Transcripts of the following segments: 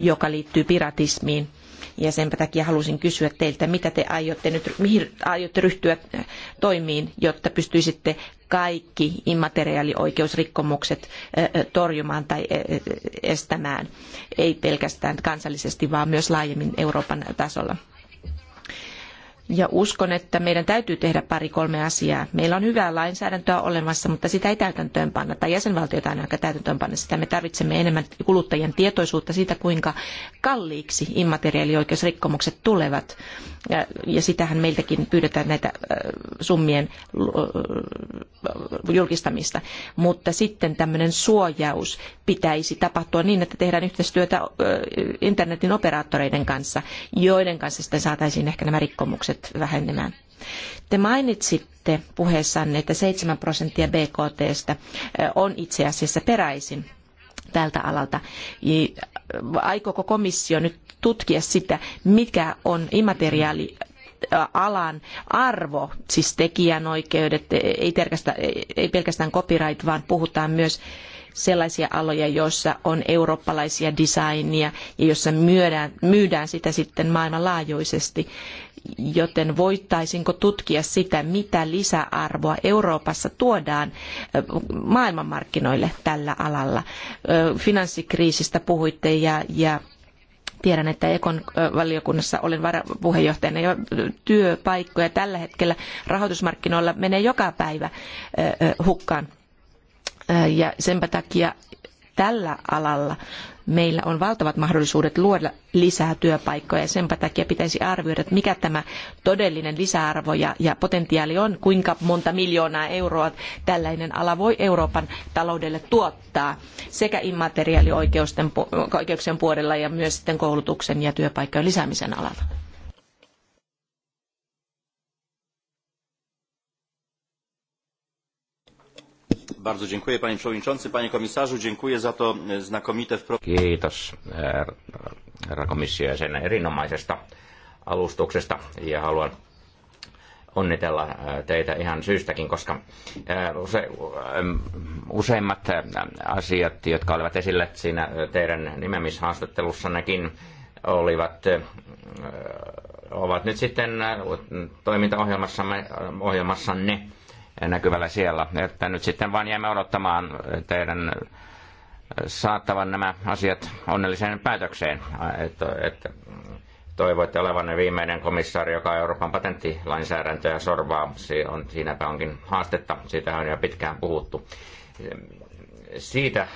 joka liittyy piratismiin. Ja sen takia halusin kysyä teiltä, mitä te aiotte nyt, mihin aiotte ryhtyä äh, toimiin, jotta pystyisitte kaikki immateriaalioikeusrikkomukset äh, äh, torjumaan tai estämään, ei pelkästään kansallisesti, vaan myös laajemmin Euroopan tasolla. Ja uskon, että meidän täytyy tehdä pari kolme asiaa. Meillä on hyvää lainsäädäntöä olemassa, mutta sitä ei täytäntöönpanna, tai jäsenvaltioita ei ainakaan täytäntöönpanna Sitä me tarvitsemme enemmän kuluttajien tietoisuutta siitä, kuinka kalliiksi immateriaalioikeusrikkomukset tulevat. Ja, ja sitähän meiltäkin pyydetään näitä summien julkistamista. Mutta sitten tämmöinen suojaus pitäisi tapahtua niin, että tehdään yhteistyötä internetin operaattoreiden kanssa, joiden kanssa sitten saataisiin ehkä nämä rikkomukset vähenemään. Te mainitsitte puheessanne, että 7 prosenttia BKTstä on itse asiassa peräisin tältä alalta. Aikooko komissio nyt tutkia sitä, mikä on immateriaali alan arvo, siis tekijänoikeudet, ei, pelkästään copyright, vaan puhutaan myös sellaisia aloja, joissa on eurooppalaisia designia ja jossa myydään, myydään sitä sitten maailmanlaajuisesti. Joten voitaisinko tutkia sitä, mitä lisäarvoa Euroopassa tuodaan maailmanmarkkinoille tällä alalla? Finanssikriisistä puhuitte ja, ja tiedän, että Ekon valiokunnassa olen varapuheenjohtajana ja työpaikkoja tällä hetkellä rahoitusmarkkinoilla menee joka päivä hukkaan ja senpä takia tällä alalla meillä on valtavat mahdollisuudet luoda lisää työpaikkoja ja senpä takia pitäisi arvioida, että mikä tämä todellinen lisäarvo ja, ja potentiaali on, kuinka monta miljoonaa euroa tällainen ala voi Euroopan taloudelle tuottaa sekä immateriaalioikeuksien puolella ja myös sitten koulutuksen ja työpaikkojen lisäämisen alalla. panie przewodniczący, panie komisarzu, dziękuję za to e, znakomite Kiitos e, herra komissio sen erinomaisesta alustuksesta ja haluan onnitella e, teitä ihan syystäkin, koska use, useimmat asiat, jotka olivat esillä siinä teidän nimeämishaastattelussannekin, olivat, ovat nyt sitten toimintaohjelmassanne näkyvällä siellä. Että nyt sitten vaan jäämme odottamaan teidän saattavan nämä asiat onnelliseen päätökseen. Että, että toivoitte olevanne viimeinen komissaari, joka Euroopan patenttilainsäädäntöä sorvaa. Si- on, siinäpä onkin haastetta. Siitä on jo pitkään puhuttu. Siitä äh,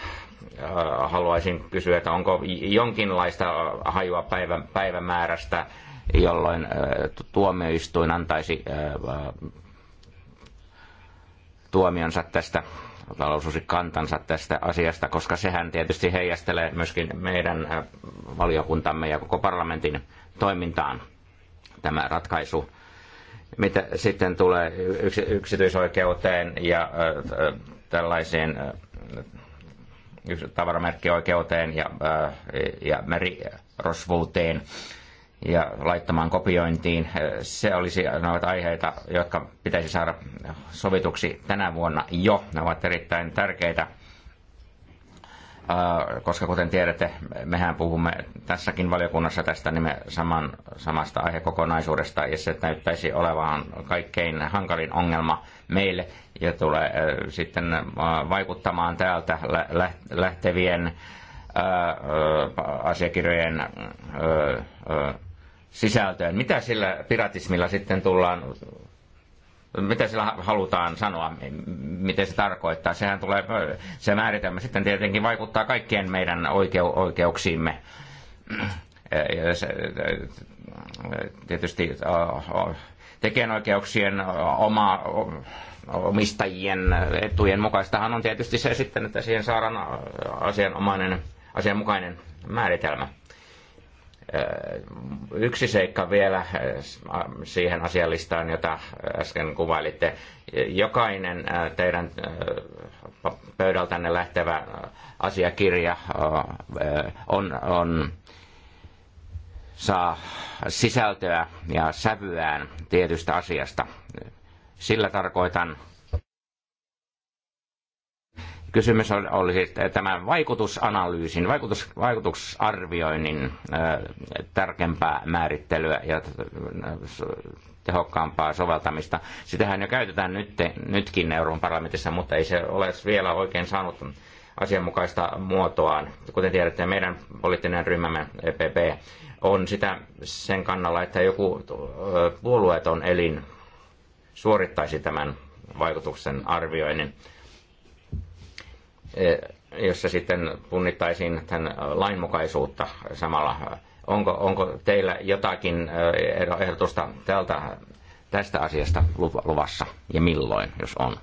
haluaisin kysyä, että onko jonkinlaista hajua päivämäärästä, jolloin äh, tuomioistuin antaisi äh, tuomionsa tästä lausuisi kantansa tästä asiasta, koska sehän tietysti heijastelee myöskin meidän valiokuntamme ja koko parlamentin toimintaan tämä ratkaisu. Mitä sitten tulee yksityisoikeuteen ja tällaiseen tavaramerkkioikeuteen ja, ja merirosvuuteen, ja laittamaan kopiointiin. Se olisi noita aiheita, jotka pitäisi saada sovituksi tänä vuonna jo. Ne ovat erittäin tärkeitä, koska kuten tiedätte, mehän puhumme tässäkin valiokunnassa tästä nime saman, samasta aihekokonaisuudesta, ja se näyttäisi olevan kaikkein hankalin ongelma meille, ja tulee sitten vaikuttamaan täältä lähtevien asiakirjojen sisältöön. Mitä sillä piratismilla sitten tullaan, mitä sillä halutaan sanoa, miten se tarkoittaa? Sehän tulee, se määritelmä sitten tietenkin vaikuttaa kaikkien meidän oikeu, oikeuksiimme. Tietysti tekijänoikeuksien oma omistajien etujen mukaistahan on tietysti se sitten, että siihen saadaan asianomainen, asianmukainen määritelmä Yksi seikka vielä siihen asialistaan, jota äsken kuvailitte. Jokainen teidän pöydältänne lähtevä asiakirja on, on saa sisältöä ja sävyään tietystä asiasta. Sillä tarkoitan Kysymys siis tämän vaikutusanalyysin, vaikutus, vaikutusarvioinnin äh, tarkempaa määrittelyä ja äh, tehokkaampaa soveltamista. Sitähän jo käytetään nyt, nytkin Euroopan parlamentissa, mutta ei se ole vielä oikein saanut asianmukaista muotoaan. Kuten tiedätte, meidän poliittinen ryhmämme EPP on sitä sen kannalla, että joku äh, puolueeton elin suorittaisi tämän vaikutuksen arvioinnin. E, jossa sitten punnittaisiin tämän lainmukaisuutta samalla. Onko, onko teillä jotakin e, ehdotusta tältä, tästä asiasta luvassa ja milloin, jos on?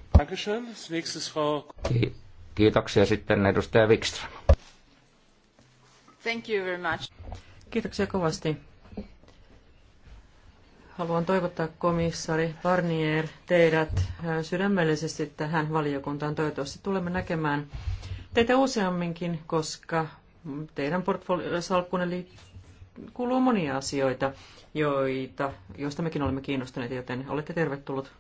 Kiitoksia sitten edustaja Wikström. Thank you very much. Kiitoksia kovasti. Haluan toivottaa komissaari Barnier teidät äh, sydämellisesti tähän valiokuntaan. Toivottavasti tulemme näkemään teitä useamminkin, koska teidän portfoliosalkkunne kuuluu monia asioita, joita, joista mekin olemme kiinnostuneita, joten olette tervetullut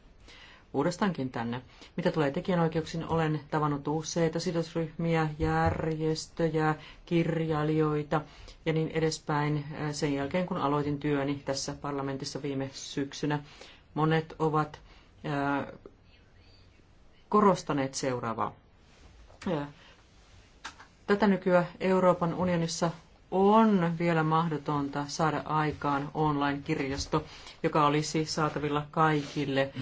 uudestaankin tänne. Mitä tulee tekijänoikeuksiin, olen tavannut useita sidosryhmiä, järjestöjä, kirjailijoita ja niin edespäin sen jälkeen, kun aloitin työni tässä parlamentissa viime syksynä. Monet ovat korostaneet seuraavaa. Tätä nykyä Euroopan unionissa on vielä mahdotonta saada aikaan online-kirjasto, joka olisi saatavilla kaikille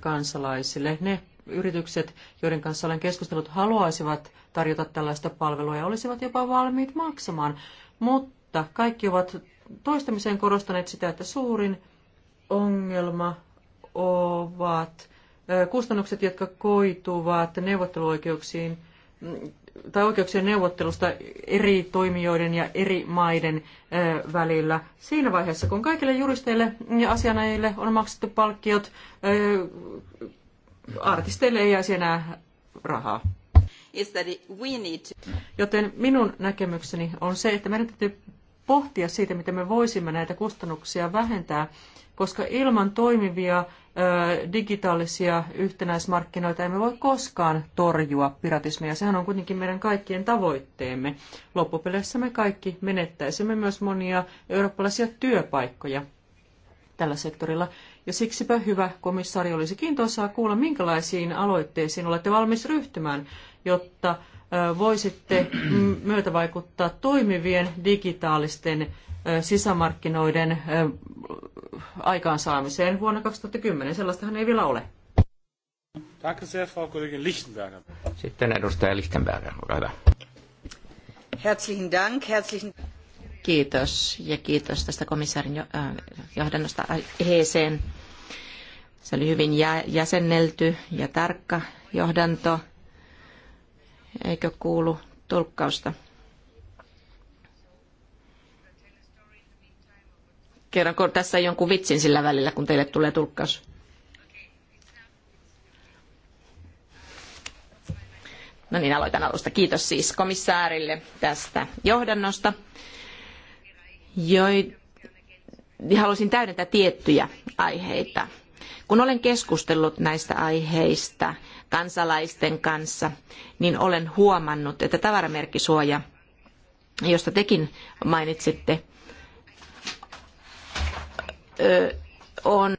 kansalaisille. Ne yritykset, joiden kanssa olen keskustellut, haluaisivat tarjota tällaista palvelua ja olisivat jopa valmiit maksamaan, mutta kaikki ovat toistamiseen korostaneet sitä, että suurin ongelma ovat kustannukset, jotka koituvat neuvotteluoikeuksiin tai oikeuksien neuvottelusta eri toimijoiden ja eri maiden välillä. Siinä vaiheessa, kun kaikille juristeille ja asianajille on maksettu palkkiot, artisteille ei jäisi enää rahaa. Joten minun näkemykseni on se, että meidän täytyy pohtia siitä, miten me voisimme näitä kustannuksia vähentää koska ilman toimivia digitaalisia yhtenäismarkkinoita emme voi koskaan torjua piratismia. Sehän on kuitenkin meidän kaikkien tavoitteemme. Loppupeleissä me kaikki menettäisimme myös monia eurooppalaisia työpaikkoja tällä sektorilla. Ja siksipä hyvä komissaari olisi kiintoisaa kuulla, minkälaisiin aloitteisiin olette valmis ryhtymään, jotta voisitte myötävaikuttaa toimivien digitaalisten sisämarkkinoiden aikaansaamiseen vuonna 2010. Sellaistahan ei vielä ole. Danke sehr, Frau Kollegin Lichtenberger. Sitten edustaja Lichtenberger, olkaa hyvä. Herzlichen Dank, herzlichen Kiitos ja kiitos tästä komissaarin äh, johdannosta aiheeseen. Se oli hyvin jäsennelty ja tarkka johdanto. Eikö kuulu tulkkausta? Kerronko tässä jonkun vitsin sillä välillä, kun teille tulee tulkkaus? No niin, aloitan alusta. Kiitos siis komissaarille tästä johdannosta. Joi, halusin täydentää tiettyjä aiheita. Kun olen keskustellut näistä aiheista kansalaisten kanssa, niin olen huomannut, että tavaramerkkisuoja, josta tekin mainitsitte, on